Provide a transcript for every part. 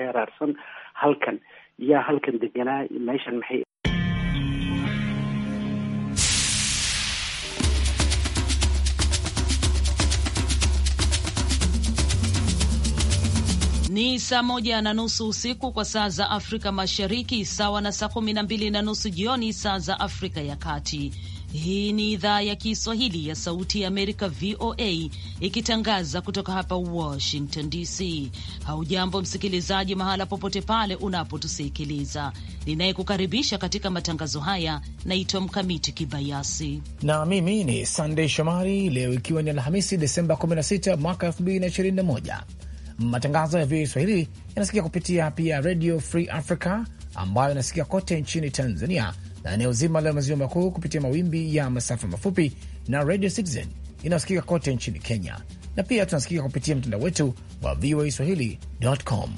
xeeraarsan halkan yaa halkan deganaa meeshan maxay Ni saa moja na nusu usiku kwa saa za Afrika Mashariki, sawa na saa kumi na mbili na nusu jioni saa za Afrika ya Kati. Hii ni idhaa ya Kiswahili ya Sauti ya Amerika, VOA, ikitangaza kutoka hapa Washington DC. Haujambo msikilizaji, mahala popote pale unapotusikiliza. Ninayekukaribisha katika matangazo haya naitwa Mkamiti Kibayasi na mimi ni Sandey Shomari. Leo ikiwa ni Alhamisi, Desemba 16 mwaka 2021, matangazo ya VOA Swahili yanasikia kupitia pia Radio Free Africa ambayo yanasikia kote nchini Tanzania na eneo zima la maziwa makuu kupitia mawimbi ya masafa mafupi na Radio Citizen inayosikika kote nchini Kenya, na pia tunasikika kupitia mtandao wetu wa VOA swahili.com.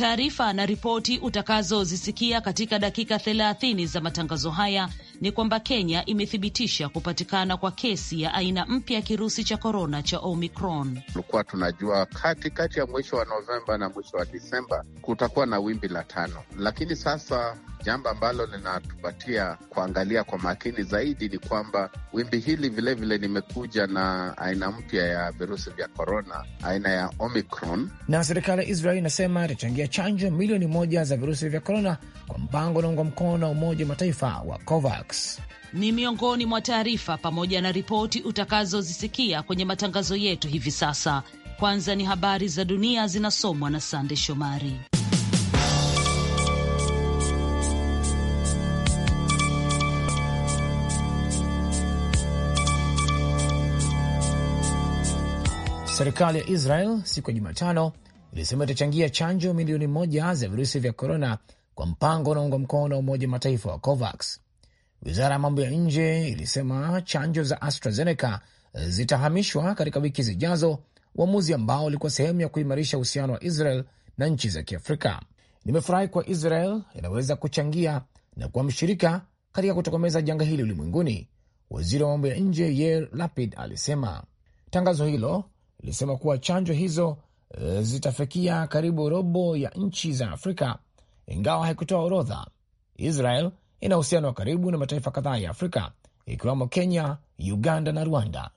Taarifa na ripoti utakazozisikia katika dakika 30 za matangazo haya ni kwamba Kenya imethibitisha kupatikana kwa kesi ya aina mpya ya kirusi cha korona cha Omicron. Tulikuwa tunajua kati kati ya mwisho wa Novemba na mwisho wa Disemba kutakuwa na wimbi la tano, lakini sasa jambo ambalo linatupatia kuangalia kwa makini zaidi ni kwamba wimbi hili vilevile limekuja na aina mpya ya virusi vya korona aina ya Omicron, na serikali ya Israel inasema itachangia chanjo milioni moja za virusi vya korona kwa mpango unaungwa mkono na Umoja wa Mataifa wa COVAX. Ni miongoni mwa taarifa pamoja na ripoti utakazozisikia kwenye matangazo yetu hivi sasa. Kwanza ni habari za dunia zinasomwa na Sande Shomari. Serikali ya Israel siku ya Jumatano ilisema itachangia chanjo milioni moja za virusi vya korona kwa mpango unaungwa mkono na Umoja wa Mataifa wa COVAX. Wizara ya mambo ya nje ilisema chanjo za AstraZeneca zitahamishwa katika wiki zijazo, uamuzi ambao ulikuwa sehemu ya kuimarisha uhusiano wa Israel na nchi za Kiafrika. Nimefurahi kuwa Israel inaweza kuchangia na kuwa mshirika katika kutokomeza janga hili ulimwenguni, waziri wa mambo ya nje Yair Lapid alisema. Tangazo hilo lilisema kuwa chanjo hizo E, zitafikia karibu robo ya nchi za Afrika, ingawa haikutoa orodha. Israel ina uhusiano wa karibu na mataifa kadhaa ya Afrika ikiwemo Kenya, Uganda na Rwanda.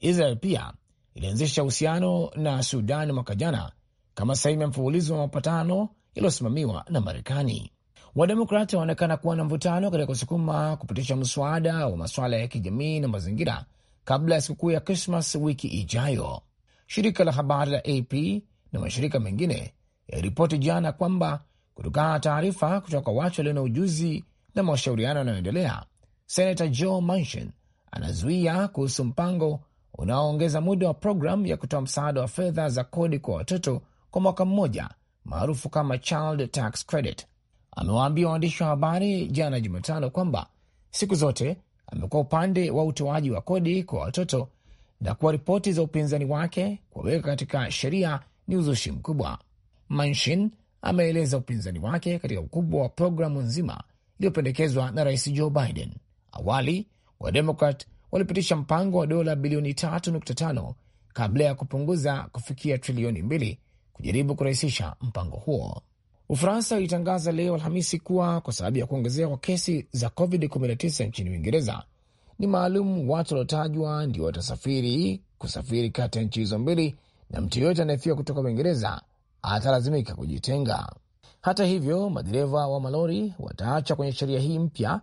Israel pia ilianzisha uhusiano na Sudan mwaka jana kama sehemu ya mfululizo wa mapatano yaliyosimamiwa na Marekani. Wademokrati wanaonekana kuwa na mvutano katika kusukuma kupitisha mswada wa masuala ya kijamii na mazingira kabla ya sikukuu ya Krismas wiki ijayo. Shirika la habari la AP na mashirika mengine yaliripoti jana kwamba kutokana na taarifa kutoka kwa watu walio na ujuzi na mashauriano yanayoendelea, Senata Joe Manchin anazuia kuhusu mpango unaoongeza muda wa programu ya kutoa msaada wa fedha za kodi kwa watoto kwa mwaka mmoja maarufu kama Child Tax Credit. Amewaambia waandishi wa habari jana Jumatano kwamba siku zote amekuwa upande wa utoaji wa kodi kwa watoto na kuwa ripoti za upinzani wake kuwaweka katika sheria ni uzushi mkubwa. manshin ameeleza upinzani wake katika ukubwa wa programu nzima iliyopendekezwa na rais Joe Biden. Awali Wademokrat walipitisha mpango wa dola bilioni 3.5 kabla ya kupunguza kufikia trilioni mbili kujaribu kurahisisha mpango huo. Ufaransa ilitangaza leo Alhamisi kuwa kwa sababu ya kuongezea kwa kesi za COVID-19 nchini Uingereza ni maalum, watu waliotajwa ndio watasafiri kusafiri kati ya nchi hizo mbili, na mtu yoyote anayefika kutoka Uingereza atalazimika kujitenga. Hata hivyo, madereva wa malori wataacha kwenye sheria hii mpya,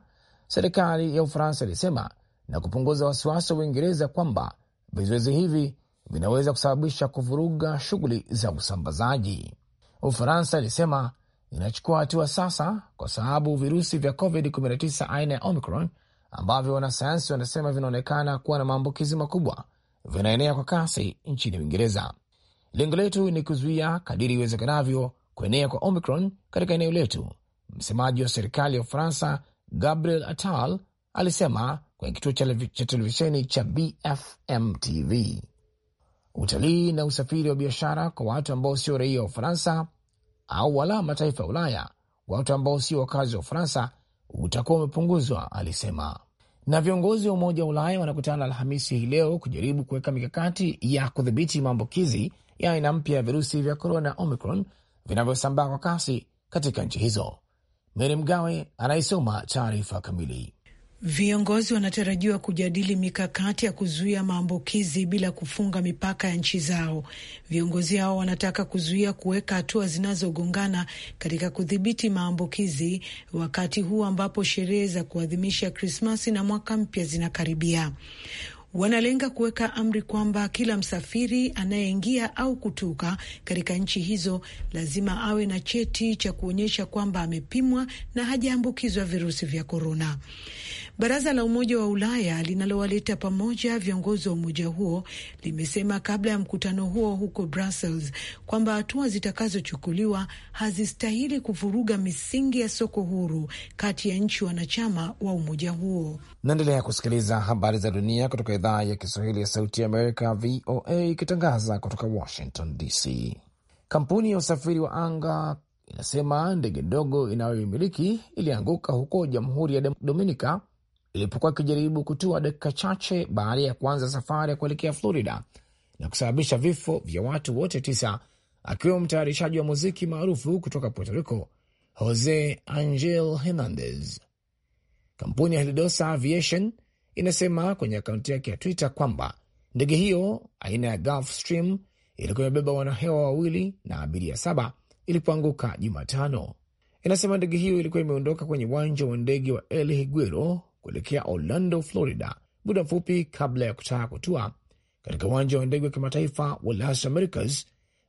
serikali ya Ufaransa ilisema, na kupunguza wasiwasi wa Uingereza kwamba vizuizi hivi vinaweza kusababisha kuvuruga shughuli za usambazaji. Ufaransa ilisema inachukua hatua sasa, kwa sababu virusi vya COVID-19 aina ya Omicron ambavyo wanasayansi wanasema vinaonekana kuwa na maambukizi makubwa vinaenea kwa kasi nchini Uingereza. Lengo letu ni kuzuia kadiri iwezekanavyo kuenea kwa Omicron katika eneo letu, msemaji wa serikali ya Ufaransa Gabriel Attal alisema kwenye kituo cha televisheni cha BFMTV. Utalii na usafiri wa biashara kwa watu ambao sio raia wa Ufaransa au wala mataifa ya Ulaya, watu ambao sio wakazi wa Ufaransa utakuwa umepunguzwa, alisema. Na viongozi wa Umoja wa Ulaya wanakutana Alhamisi hii leo kujaribu kuweka mikakati ya kudhibiti maambukizi ya aina mpya ya virusi vya korona Omicron vinavyosambaa kwa kasi katika nchi hizo. mary Mgawe anaisoma taarifa kamili. Viongozi wanatarajiwa kujadili mikakati ya kuzuia maambukizi bila kufunga mipaka ya nchi zao. Viongozi hao wanataka kuzuia kuweka hatua zinazogongana katika kudhibiti maambukizi, wakati huu ambapo sherehe za kuadhimisha Krismasi na mwaka mpya zinakaribia. Wanalenga kuweka amri kwamba kila msafiri anayeingia au kutoka katika nchi hizo lazima awe na cheti cha kuonyesha kwamba amepimwa na hajaambukizwa virusi vya korona. Baraza la Umoja wa Ulaya linalowaleta pamoja viongozi wa umoja huo limesema kabla ya mkutano huo huko Brussels kwamba hatua zitakazochukuliwa hazistahili kuvuruga misingi ya soko huru kati ya nchi wanachama wa umoja huo. Naendelea kusikiliza habari za dunia kutoka idhaa ya Kiswahili ya Sauti ya Amerika, VOA, ikitangaza kutoka Washington DC. Kampuni ya usafiri wa anga inasema ndege ndogo inayoimiliki ilianguka huko Jamhuri ya Dominika ilipokuwa ikijaribu kutua dakika chache baada ya kuanza safari ya kuelekea Florida na kusababisha vifo vya watu wote tisa, akiwemo mtayarishaji wa muziki maarufu kutoka Puerto Rico Jose Angel Hernandez. Kampuni ya Helidosa Aviation inasema kwenye akaunti yake ya Twitter kwamba ndege hiyo aina ya Gulf Stream ilikuwa imebeba wanahewa wawili na abiria saba ilipoanguka Jumatano. Inasema ndege hiyo ilikuwa imeondoka kwenye uwanja wa ndege wa El Higuero kuelekea Orlando, Florida, muda mfupi kabla ya kutaka kutua katika uwanja wa ndege wa kimataifa wa Las Americas,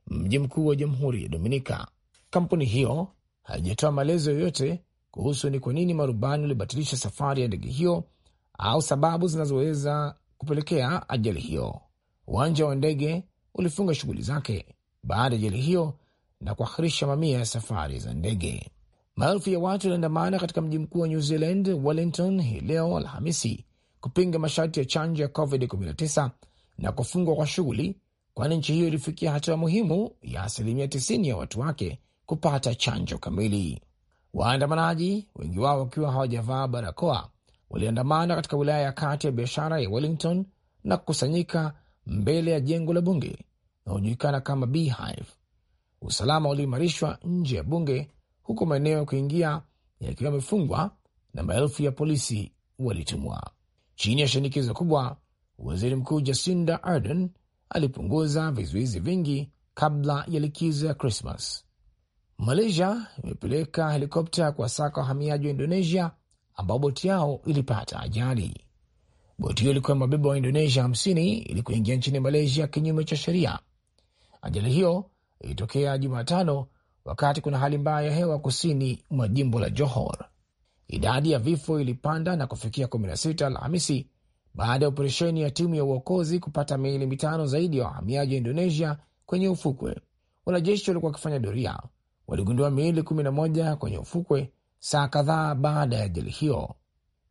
mji mkuu wa jamhuri ya Dominika. Kampuni hiyo haijatoa maelezo yoyote kuhusu ni kwa nini marubani walibatilisha safari ya ndege hiyo au sababu zinazoweza kupelekea ajali hiyo. Uwanja wa ndege ulifunga shughuli zake baada ya ajali hiyo na kuahirisha mamia ya safari za ndege. Maelfu ya watu waliandamana katika mji mkuu wa New Zealand, Wellington, hii leo Alhamisi kupinga masharti ya chanjo ya COVID-19 na kufungwa kwa shughuli, kwani nchi hiyo ilifikia hatua muhimu ya asilimia 90 ya watu wake kupata chanjo kamili. Waandamanaji, wengi wao wakiwa hawajavaa barakoa, waliandamana katika wilaya ya kati ya biashara ya Wellington na kukusanyika mbele ya jengo la bunge linalojulikana kama Beehive. Usalama uliimarishwa nje ya bunge huko maeneo ya kuingia yakiwa yamefungwa na maelfu ya polisi walitumwa. Chini ya shinikizo kubwa, waziri mkuu Jacinda Ardern alipunguza vizuizi vingi kabla ya likizo ya Krismas. Malaysia imepeleka helikopta kuwasaka wahamiaji wa Indonesia ambao boti yao ilipata ajali. Boti hiyo ilikuwa mabeba wa Indonesia 50 ili kuingia nchini Malaysia kinyume cha sheria. Ajali hiyo ilitokea Jumatano wakati kuna hali mbaya ya hewa kusini mwa jimbo la Johor. Idadi ya vifo ilipanda na kufikia 16 Alhamisi baada ya operesheni ya timu ya uokozi kupata miili mitano zaidi ya wa wahamiaji wa Indonesia kwenye ufukwe. Wanajeshi walikuwa wakifanya doria, waligundua miili 11 kwenye ufukwe saa kadhaa baada ya ajali hiyo.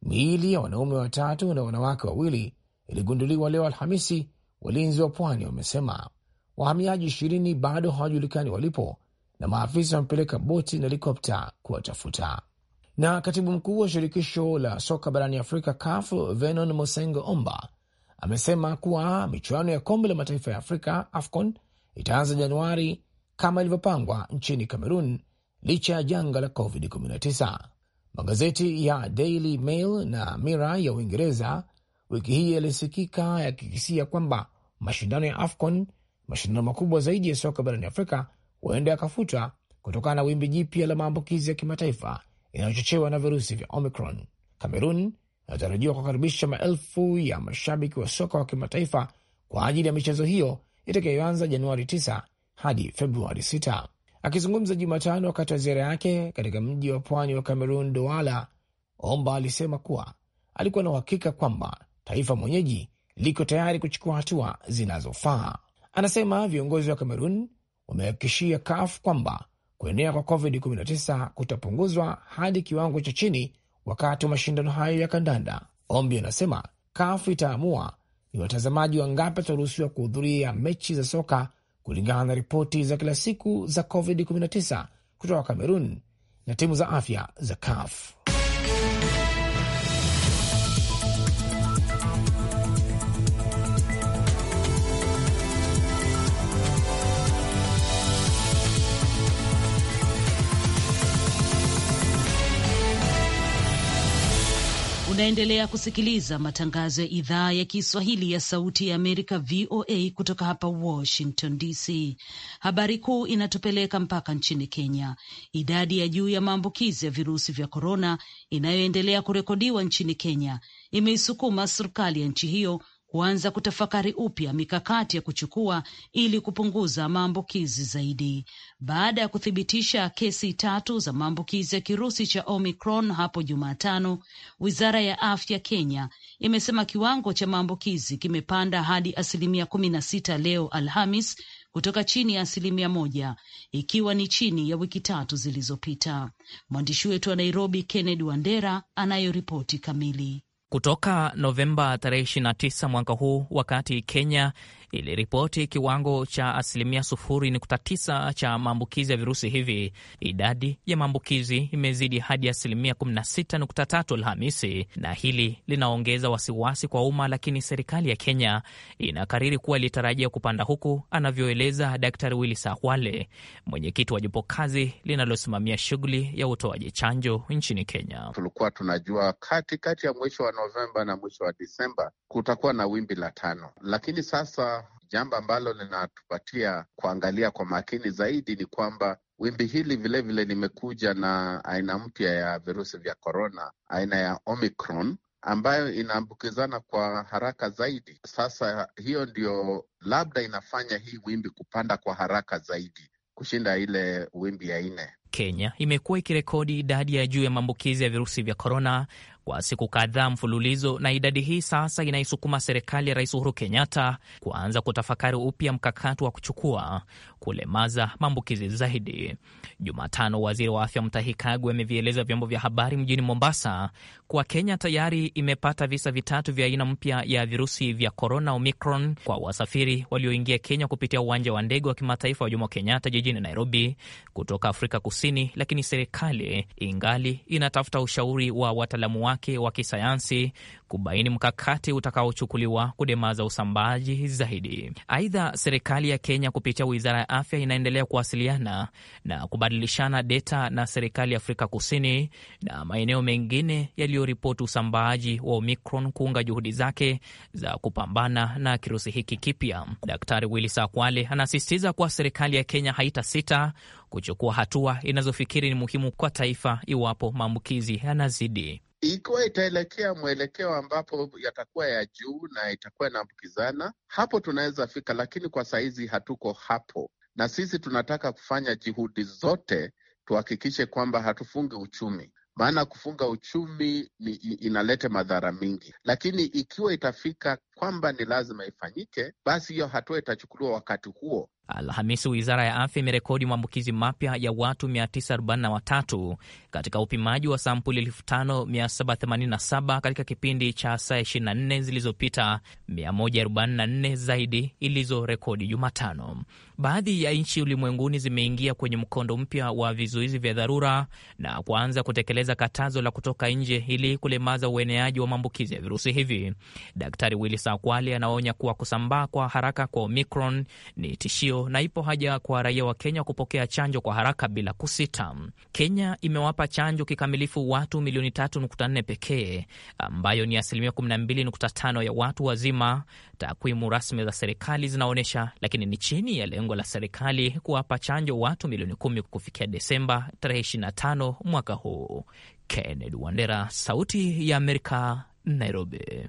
Miili ya wanaume watatu na wanawake wawili iligunduliwa leo Alhamisi, walinzi wa pwani wamesema. Wahamiaji ishirini bado hawajulikani walipo na maafisa wamepeleka boti na helikopta kuwatafuta. Na katibu mkuu wa shirikisho la soka barani Afrika CAF Venon Mosengo Omba amesema kuwa michuano ya kombe la mataifa ya Afrika AFCON itaanza Januari kama ilivyopangwa nchini Cameroon licha ya janga la COVID-19. Magazeti ya Daily Mail na mira ya Uingereza wiki hii yalisikika yakikisia kwamba mashindano ya AFCON, mashindano makubwa zaidi ya soka barani Afrika, huenda yakafutwa kutokana na wimbi jipya la maambukizi ya kimataifa inayochochewa na virusi vya Omicron. Kamerun inatarajiwa kukaribisha maelfu ya mashabiki wa soka wa kimataifa kwa ajili ya michezo hiyo itakayoanza Januari 9 hadi Februari 6. Akizungumza Jumatano wakati wa ziara yake katika mji wa pwani wa Kamerun, Douala, Omba alisema kuwa alikuwa na uhakika kwamba taifa mwenyeji liko tayari kuchukua hatua zinazofaa. Anasema viongozi wa Kamerun wamehakikishia CAF kwamba kuenea kwa COVID-19 kutapunguzwa hadi kiwango cha chini wakati wa mashindano hayo ya kandanda. Ombi anasema CAF itaamua ni watazamaji wangapi wataruhusiwa kuhudhuria mechi za soka kulingana na ripoti za kila siku za COVID-19 kutoka Kamerun na timu za afya za CAF. Unaendelea kusikiliza matangazo ya idhaa ya Kiswahili ya Sauti ya Amerika, VOA, kutoka hapa Washington DC. Habari kuu inatupeleka mpaka nchini Kenya. Idadi ya juu ya maambukizi ya virusi vya korona inayoendelea kurekodiwa nchini Kenya imeisukuma serikali ya nchi hiyo huanza kutafakari upya mikakati ya kuchukua ili kupunguza maambukizi zaidi, baada ya kuthibitisha kesi tatu za maambukizi ya kirusi cha Omicron hapo Jumatano. Wizara ya afya Kenya imesema kiwango cha maambukizi kimepanda hadi asilimia kumi na sita leo Alhamis kutoka chini ya asilimia moja ikiwa ni chini ya wiki tatu zilizopita. Mwandishi wetu wa Nairobi Kennedy Wandera anayo ripoti kamili kutoka Novemba tarehe 29 mwaka huu, wakati Kenya iliripoti kiwango cha asilimia 0.9 cha maambukizi ya virusi hivi, idadi ya maambukizi imezidi hadi asilimia 16.3 Alhamisi, na hili linaongeza wasiwasi kwa umma, lakini serikali ya Kenya inakariri kuwa ilitarajia kupanda, huku anavyoeleza Daktari willi sahwale mwenyekiti wa jopo kazi linalosimamia shughuli ya utoaji chanjo nchini Kenya. Tulikuwa tunajua katikati kati ya mwisho wa Novemba na mwisho wa Disemba kutakuwa na wimbi la tano, lakini sasa Jambo ambalo linatupatia kuangalia kwa makini zaidi ni kwamba wimbi hili vilevile limekuja na aina mpya ya virusi vya korona, aina ya Omicron ambayo inaambukizana kwa haraka zaidi. Sasa hiyo ndio labda inafanya hii wimbi kupanda kwa haraka zaidi kushinda ile wimbi ya nne. Kenya imekuwa ikirekodi idadi ya juu ya maambukizi ya virusi vya korona kwa siku kadhaa mfululizo, na idadi hii sasa inaisukuma serikali ya Rais Uhuru Kenyatta kuanza kutafakari upya mkakati wa kuchukua kulemaza maambukizi zaidi. Jumatano, waziri wa afya Mutahi Kagwe amevieleza vyombo vya habari mjini Mombasa kuwa Kenya tayari imepata visa vitatu vya aina mpya ya virusi vya korona Omicron kwa wasafiri walioingia Kenya kupitia uwanja wa ndege wa kimataifa wa Jomo Kenyatta jijini Nairobi kutoka Afrika Kusini, lakini serikali ingali inatafuta ushauri wa wataalamu wake wa kisayansi kubaini mkakati utakaochukuliwa kudemaza usambaaji zaidi. Aidha, serikali ya Kenya kupitia wizara ya afya inaendelea kuwasiliana na kubadilishana deta na serikali ya Afrika Kusini na maeneo mengine yaliyoripoti usambaaji wa Omicron kuunga juhudi zake za kupambana na kirusi hiki kipya. Daktari Willis Akwale anasisitiza kuwa serikali ya Kenya haitasita kuchukua hatua inazofikiri ni muhimu kwa taifa iwapo maambukizi yanazidi. Ikiwa itaelekea mwelekeo ambapo yatakuwa ya juu na itakuwa inaambukizana, hapo tunaweza fika, lakini kwa sahizi hatuko hapo, na sisi tunataka kufanya juhudi zote tuhakikishe kwamba hatufungi uchumi, maana kufunga uchumi ni inaleta madhara mingi, lakini ikiwa itafika kwamba ni lazima ifanyike, basi hiyo hatua itachukuliwa wakati huo Alhamisi wizara ya afya imerekodi maambukizi mapya ya watu 943 katika upimaji wa sampuli 5787 katika kipindi cha saa 24 zilizopita, 144 zaidi ilizorekodi Jumatano. Baadhi ya nchi ulimwenguni zimeingia kwenye mkondo mpya wa vizuizi vya dharura na kuanza kutekeleza katazo la kutoka nje ili kulemaza ueneaji wa maambukizi ya virusi hivi. Daktari Willis Akwali anaonya kuwa kusambaa kwa haraka kwa Omicron ni tishio hiyo na ipo haja kwa raia wa Kenya kupokea chanjo kwa haraka bila kusita. Kenya imewapa chanjo kikamilifu watu milioni 3.4 pekee, ambayo ni asilimia 12.5 ya watu wazima, takwimu rasmi za serikali zinaonyesha, lakini ni chini ya lengo la serikali kuwapa chanjo watu milioni 10 kufikia Desemba tarehe 25 mwaka huu. Kennedy Wandera, Sauti ya Amerika, Nairobi.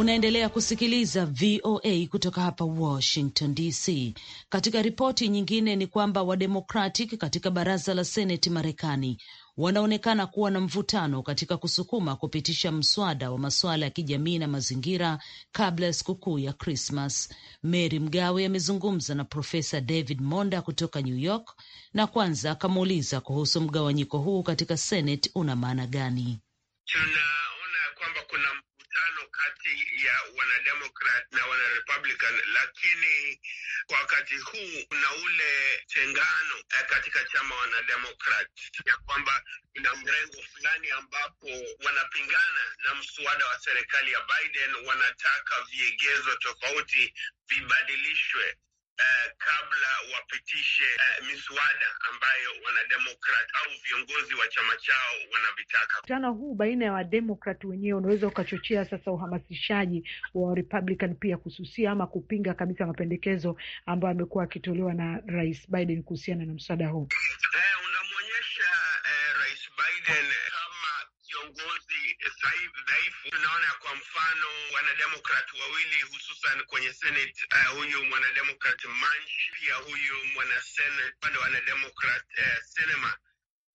Unaendelea kusikiliza VOA kutoka hapa Washington DC. Katika ripoti nyingine ni kwamba Wademokratic katika baraza la seneti Marekani wanaonekana kuwa na mvutano katika kusukuma kupitisha mswada wa masuala ya kijamii na mazingira kabla ya sikukuu ya Krismas. Mary Mgawe amezungumza na Profesa David Monda kutoka New York na kwanza akamuuliza kuhusu mgawanyiko huu katika seneti una maana gani. Tunaona kwamba kuna mvutano kati ya wanademokrat na wanarepublican, lakini kwa wakati huu kuna ule tengano eh, katika chama wanademokrat ya kwamba kuna mrengo fulani ambapo wanapingana na mswada wa serikali ya Biden, wanataka viegezo tofauti vibadilishwe eh, kabla wapitishe eh, miswada ambayo wanademokrat au viongozi wa chama chao wanavitaka. Mkutano huu baina ya wademokrat wenyewe unaweza ukachochea sasa uhamasishaji wa Republican pia kususia ama kupinga kabisa mapendekezo ambayo amekuwa akitolewa na Rais Biden kuhusiana na mswada huu. Eh, unamwonyesha eh, Rais Biden eh, viongozi dhaifu. Tunaona kwa mfano wanademokrat wawili hususan kwenye Senate, uh, huyu mwanademokrat Manch, pia huyu mwanasenate upande wa wanademokrat uh, eh, Sinema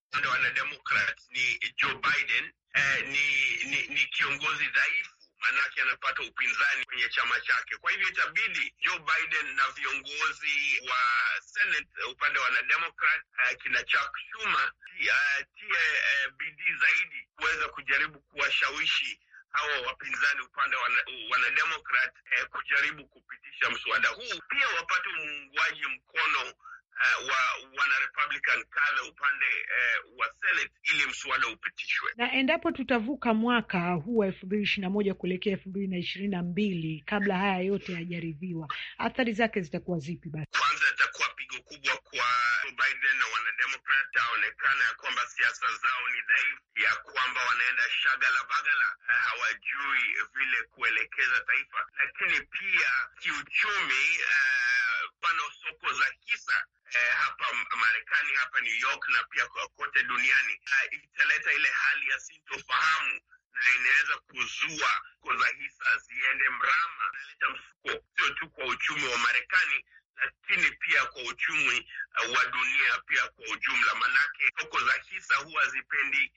upande wa wanademokrat ni Joe Biden uh, ni, ni, ni kiongozi dhaifu maanake anapata upinzani kwenye chama chake. Kwa hivyo itabidi Joe Biden na viongozi wa Senate eh, upande wa wanademokrat uh, kina Chuck Schumer atie uh, uh, bidii zaidi kuweza kujaribu kuwashawishi hawa wapinzani upande wa wanademokrat uh, kujaribu kupitisha mswada huu, pia wapate muungwaji mkono uh, wa wana Republican kadha upande uh, wa Senate ili mswada upitishwe. Na endapo tutavuka mwaka huu wa elfu mbili ishirini na moja kuelekea elfu mbili na ishirini na mbili kabla haya yote yajaridhiwa, athari zake zitakuwa zipi? Basi kwanza itakuwa pigo kubwa kwa Biden na wanademokrat, aonekana ya kwamba siasa zao ni dhaifu, ya kwamba wanaenda shagala bagala, eh, hawajui vile kuelekeza taifa, lakini pia kiuchumi, uh, pano soko za hisa eh, hapa Marekani, hapa New York na pia kote duniani, italeta ile hali ya sintofahamu na inaweza kuzua koza hisa ziende mrama, inaleta mfuko sio tu kwa uchumi wa Marekani lakini pia kwa uchumi uh, wa dunia pia kwa ujumla, manake soko za hisa huwa zipendi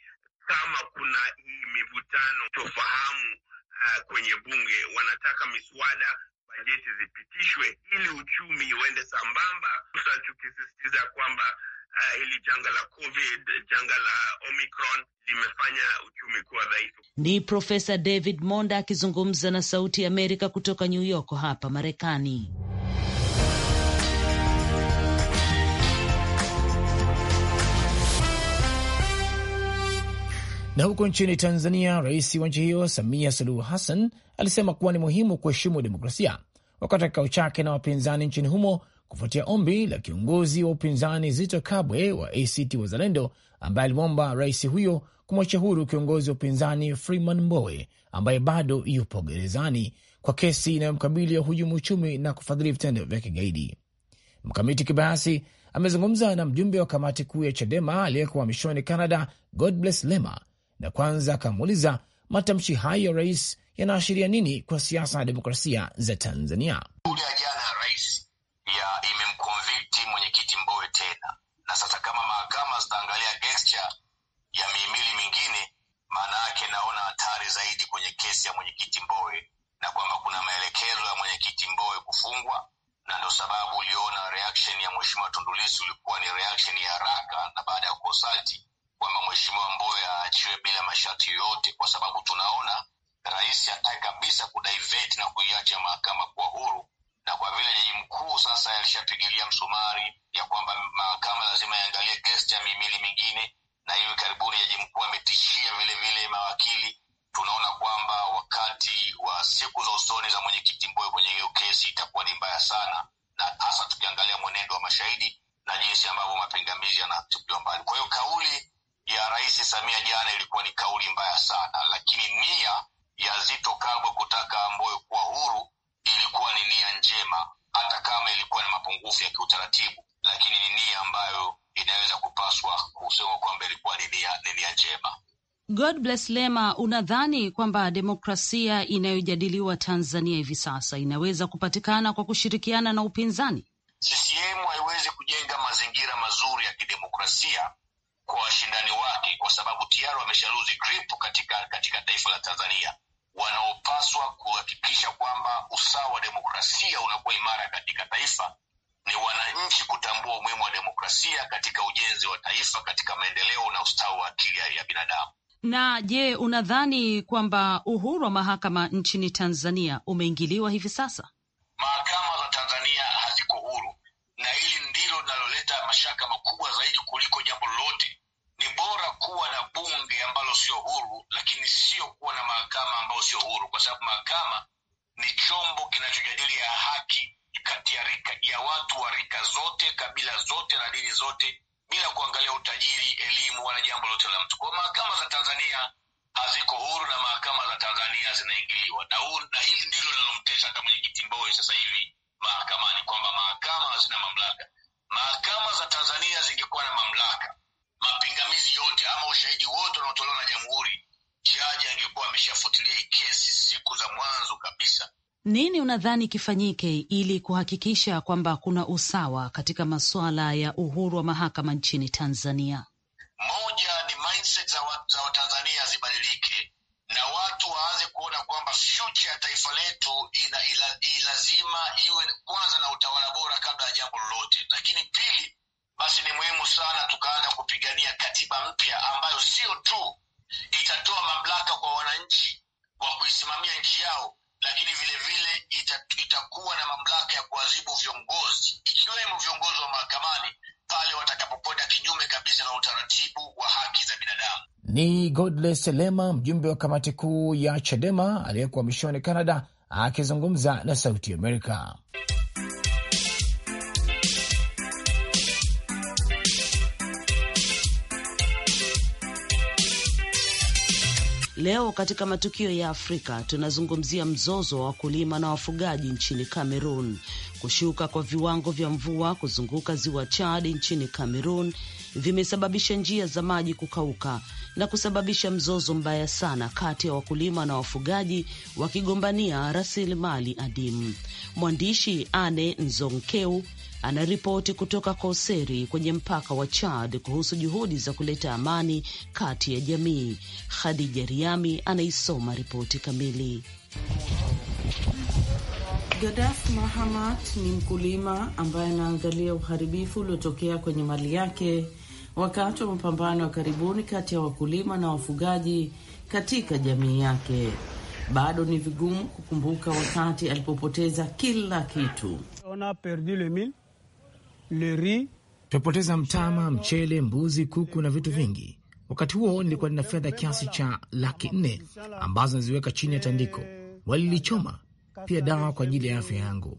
kama kuna hii mivutano tofahamu uh, kwenye bunge. Wanataka miswada geti zipitishwe ili uchumi uende sambamba, husa tukisisitiza kwamba Uh, hili janga la COVID, janga la Omicron limefanya uchumi kuwa dhaifu. Ni Profesa David Monda akizungumza na Sauti ya Amerika kutoka New York hapa Marekani. Na huko nchini Tanzania, rais wa nchi hiyo Samia Suluhu Hassan alisema kuwa ni muhimu kuheshimu demokrasia wakati wa kikao chake na wapinzani nchini humo kufuatia ombi la kiongozi wa upinzani Zito Kabwe wa ACT Wazalendo, ambaye alimwomba rais huyo kumwacha huru kiongozi wa upinzani Freeman Mbowe ambaye bado yupo gerezani kwa kesi inayomkabili ya hujumu uchumi na kufadhili vitendo vya kigaidi. Mkamiti Kibayasi amezungumza na mjumbe wa kamati kuu ya CHADEMA aliyekuwa mishoni Canada, Godbless Lema, na kwanza akamuuliza matamshi hayo ya rais yanaashiria nini kwa siasa na demokrasia za Tanzania? Jana ya rais ya imemkonvikti mwenyekiti Mbowe tena, na sasa kama mahakama zitaangalia gesture ya mihimili mingine, maana yake naona hatari zaidi kwenye kesi ya mwenyekiti Mbowe na kwamba kuna maelekezo ya mwenyekiti Mbowe kufungwa na ndo sababu uliona reaction ya mheshimiwa tundulisi ulikuwa ni reaction ya haraka, na baada ya kuosalti kwamba mheshimiwa Mbowe aachiwe bila masharti yoyote, kwa sababu tunaona rais hataki kabisa kudaiveti na kuiacha mahakama kuwa huru, na kwa vile jaji mkuu sasa alishapigilia msumari ya kwamba mahakama lazima iangalie kesi cha mihimili mingine, na hivi karibuni jaji mkuu ametishia vilevile mawakili. Tunaona kwamba wakati wa siku za usoni za mwenyekiti Mbowe kwenye hiyo kesi itakuwa ni mbaya sana, na hasa tukiangalia mwenendo wa mashahidi na jinsi ambavyo mapingamizi yanatupiwa mbali. Kwa hiyo kauli ya Rais Samia jana ilikuwa ni kauli mbaya sana, lakini nia ya Zito Kabwe kutaka Amboyo kuwa huru ilikuwa ni nia njema, hata kama ilikuwa na mapungufu ya kiutaratibu, lakini ni nia ambayo inaweza kupaswa kusema kwamba ilikuwa ni nia njema. God bless Lema, unadhani kwamba demokrasia inayojadiliwa Tanzania hivi sasa inaweza kupatikana kwa kushirikiana na upinzani? CCM haiwezi kujenga mazingira mazuri ya kidemokrasia kwa washindani wake, kwa sababu tayari wameshaluzi grip katika, katika taifa la Tanzania wanaopaswa kuhakikisha kwamba usawa wa demokrasia unakuwa imara katika taifa ni wananchi kutambua umuhimu wa demokrasia katika ujenzi wa taifa, katika maendeleo na ustawi wa akili ya binadamu. Na je, unadhani kwamba uhuru wa mahakama nchini Tanzania umeingiliwa hivi sasa? Mahakama za Tanzania haziko huru, na hili ndilo linaloleta mashaka makubwa zaidi kuliko jambo lolote bora kuwa na bunge ambalo sio huru, lakini sio kuwa na mahakama ambayo sio huru, kwa sababu mahakama ni chombo kinachojadili ya haki kati ya rika ya watu wa rika zote, kabila zote na dini zote, bila kuangalia utajiri, elimu wala jambo lote la mtu. Kwa mahakama za Tanzania haziko huru na mahakama za Tanzania zinaingiliwa na, na hili ndilo linalomtesa hata mwenyekiti Mbowe sasa hivi mahakamani kwamba mahakama hazina mamlaka. Mahakama za Tanzania zingekuwa na mamlaka mapingamizi yote ama ushahidi wote unaotolewa na jamhuri, jaji angekuwa ameshafuatilia hii kesi siku za mwanzo kabisa. Nini unadhani kifanyike ili kuhakikisha kwamba kuna usawa katika masuala ya uhuru wa mahakama nchini Tanzania? kusimamia nchi yao, lakini vilevile itakuwa na mamlaka ya kuadhibu viongozi, ikiwemo viongozi wa mahakamani pale watakapokwenda kinyume kabisa na utaratibu wa haki za binadamu. Ni Godless Lema, mjumbe wa kamati kuu ya Chadema aliyekuwa mishoni Canada, akizungumza na Sauti Amerika. Leo katika matukio ya Afrika tunazungumzia mzozo wa wakulima na wafugaji nchini Cameroon, kushuka kwa viwango vya mvua kuzunguka ziwa Chad nchini Cameroon vimesababisha njia za maji kukauka na kusababisha mzozo mbaya sana kati ya wakulima na wafugaji wakigombania rasilimali adimu. Mwandishi Ane Nzonkeu anaripoti kutoka Koseri kwenye mpaka wa Chad kuhusu juhudi za kuleta amani kati ya jamii. Khadija Riami anaisoma ripoti kamili. Gadaf Mahamat ni mkulima ambaye anaangalia uharibifu uliotokea kwenye mali yake wakati wa mapambano ya karibuni kati ya wakulima na wafugaji katika jamii yake. Bado ni vigumu kukumbuka wakati alipopoteza kila kitu tumepoteza mtama, mchele, mbuzi, kuku na vitu vingi. Wakati huo nilikuwa nina fedha kiasi cha laki nne ambazo naziweka chini ya tandiko, walilichoma pia dawa kwa ajili ya afya yangu.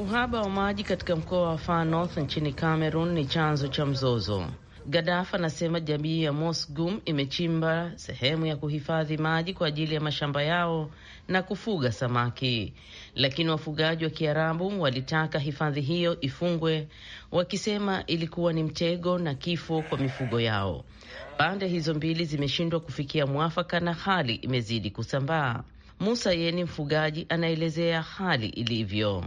Uhaba wa maji katika mkoa wa Far North nchini Cameroon ni chanzo cha mzozo. Gadaf anasema jamii ya Mosgum imechimba sehemu ya kuhifadhi maji kwa ajili ya mashamba yao na kufuga samaki, lakini wafugaji wa Kiarabu walitaka hifadhi hiyo ifungwe, wakisema ilikuwa ni mtego na kifo kwa mifugo yao. Pande hizo mbili zimeshindwa kufikia mwafaka na hali imezidi kusambaa. Musa yeye ni mfugaji, anaelezea hali ilivyo.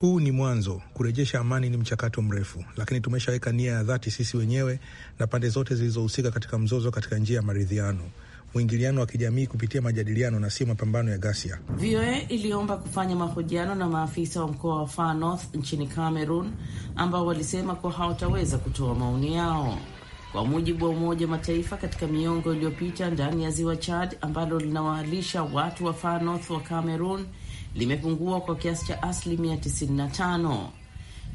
Huu ni mwanzo. Kurejesha amani ni mchakato mrefu, lakini tumeshaweka nia ya dhati sisi wenyewe na pande zote zilizohusika katika mzozo, katika njia ya maridhiano mwingiliano wa kijamii kupitia majadiliano na sio mapambano ya ghasia. VOA iliomba kufanya mahojiano na maafisa wa mkoa wa Far North nchini Cameroon ambao walisema kuwa hawataweza kutoa maoni yao kwa mujibu wa Umoja Mataifa, katika miongo iliyopita ndani ya ziwa Chad ambalo linawalisha watu wa Far North wa Cameroon limepungua kwa kiasi cha asilimia 95.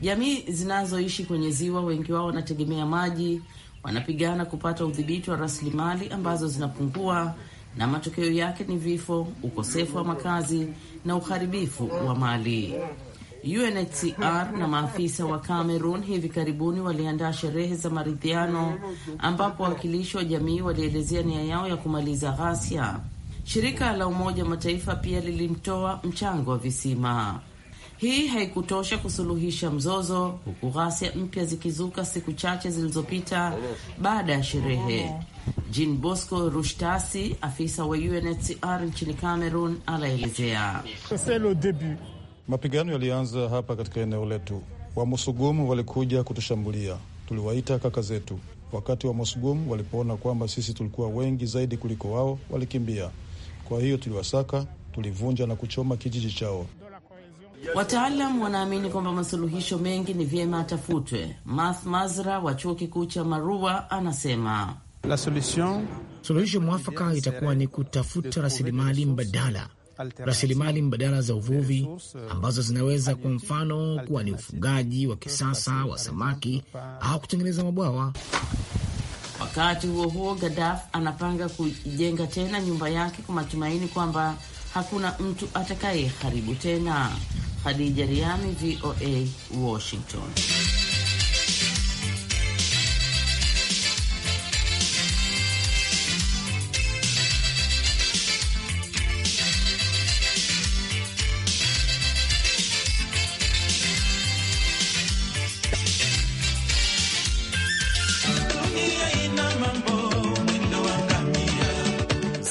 Jamii zinazoishi kwenye ziwa, wengi wao wanategemea maji, wanapigana kupata udhibiti wa rasilimali ambazo zinapungua, na matokeo yake ni vifo, ukosefu wa makazi na uharibifu wa mali. UNHCR na maafisa wa Cameroon hivi karibuni waliandaa sherehe za maridhiano ambapo wawakilishi wa jamii walielezea nia yao ya kumaliza ghasia. Shirika la Umoja wa Mataifa pia lilimtoa mchango wa visima. Hii haikutosha kusuluhisha mzozo, huku ghasia mpya zikizuka siku chache zilizopita baada ya sherehe. Jean Bosco Rushtasi, afisa wa UNHCR nchini Cameroon, anaelezea Mapigano yalianza hapa katika eneo letu. Wamusugumu walikuja kutushambulia, tuliwaita kaka zetu. Wakati wa Musugumu walipoona kwamba sisi tulikuwa wengi zaidi kuliko wao, walikimbia. Kwa hiyo tuliwasaka, tulivunja na kuchoma kijiji chao. Wataalam wanaamini kwamba masuluhisho mengi ni vyema atafutwe. Math Mazra wa chuo kikuu cha Marua anasema solution... suluhisho mwafaka itakuwa ni kutafuta rasilimali mbadala rasilimali mbadala za uvuvi ambazo zinaweza kwa mfano kuwa ni ufugaji wa kisasa wa samaki au kutengeneza mabwawa. Wakati huo huo, gadaf anapanga kujenga tena nyumba yake kwa matumaini kwamba hakuna mtu atakaye haribu tena. Khadija Riami, VOA, Washington.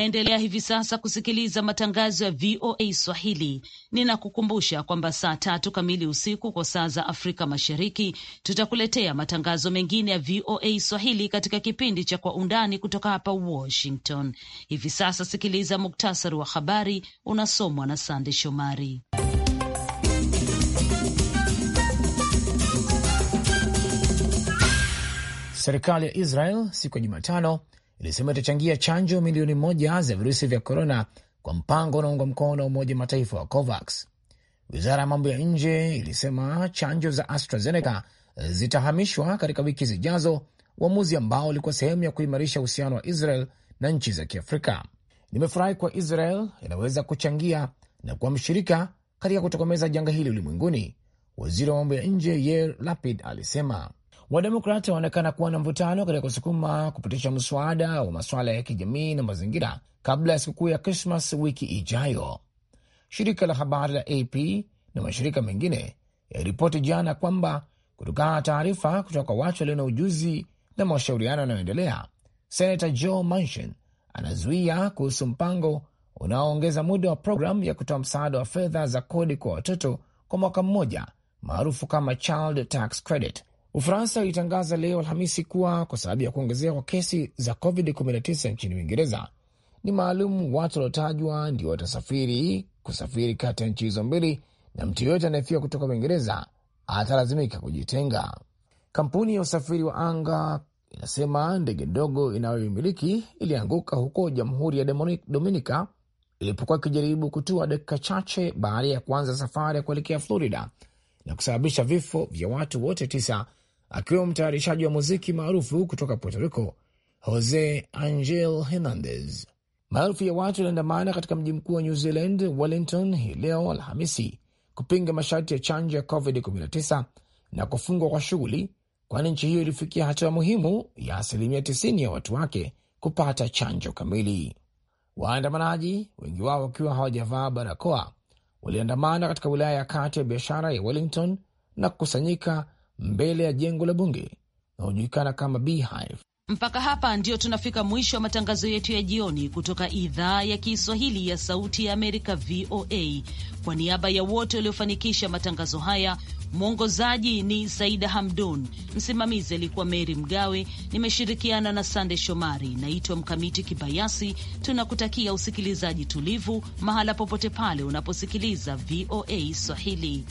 unaendelea hivi sasa kusikiliza matangazo ya VOA Swahili, ninakukumbusha kwamba saa tatu kamili usiku kwa saa za Afrika Mashariki tutakuletea matangazo mengine ya VOA Swahili katika kipindi cha Kwa Undani kutoka hapa Washington. Hivi sasa sikiliza muktasari wa habari unasomwa na Sande Shomari. Serikali ya Israel siku ya Jumatano ilisema itachangia chanjo milioni moja za virusi vya korona kwa mpango unaungwa mkono na Umoja Mataifa wa COVAX. Wizara ya mambo ya nje ilisema chanjo za AstraZeneca zitahamishwa katika wiki zijazo, uamuzi ambao ulikuwa sehemu ya kuimarisha uhusiano wa Israel na nchi za Kiafrika. Nimefurahi kuwa Israel inaweza kuchangia na kuwa mshirika katika kutokomeza janga hili ulimwenguni, waziri wa mambo ya nje Yair Lapid alisema wademokrat wanaonekana kuwa na mvutano katika kusukuma kupitisha mswada wa masuala ya kijamii na mazingira kabla ya sikukuu ya Krismas wiki ijayo. Shirika la habari la AP na mashirika mengine yaliripoti jana kwamba kutokana na taarifa kutoka kwa watu walio na ujuzi na mashauriano yanayoendelea, senata Joe Manchin anazuia kuhusu mpango unaoongeza muda wa programu ya kutoa msaada wa fedha za kodi kwa watoto kwa mwaka mmoja maarufu kama Child Tax Credit Ufaransa ilitangaza leo Alhamisi kuwa kwa sababu ya kuongezeka kwa kesi za COVID-19 nchini Uingereza, ni maalum watu waliotajwa ndio watasafiri kusafiri kati ya nchi hizo mbili, na mtu yoyote anayefika kutoka Uingereza atalazimika kujitenga. Kampuni ya usafiri wa anga inasema ndege ndogo inayoimiliki ilianguka huko Jamhuri ya Dominika ilipokuwa ikijaribu kutua dakika chache baada ya kuanza safari ya kuelekea Florida na kusababisha vifo vya watu wote tisa akiwemo mtayarishaji wa muziki maarufu kutoka Puerto Rico Jose Angel Hernandez. Maelfu ya watu waliandamana katika mji mkuu wa New Zealand, Wellington, hii leo Alhamisi kupinga masharti ya chanjo ya COVID-19 na kufungwa kwa shughuli, kwani nchi hiyo ilifikia hatua muhimu ya asilimia 90 ya watu wake kupata chanjo kamili. Waandamanaji, wengi wao wakiwa hawajavaa barakoa, waliandamana katika wilaya ya kati ya biashara ya Wellington na kukusanyika mbele ya jengo la bunge unaojulikana kama Beehive. Mpaka hapa ndio tunafika mwisho wa matangazo yetu ya jioni kutoka idhaa ya Kiswahili ya Sauti ya Amerika, VOA. Kwa niaba ya wote waliofanikisha matangazo haya, mwongozaji ni Saida Hamdun, msimamizi alikuwa Meri Mgawe, nimeshirikiana na Sande Shomari. Naitwa Mkamiti Kibayasi. Tunakutakia usikilizaji tulivu mahala popote pale unaposikiliza VOA Swahili.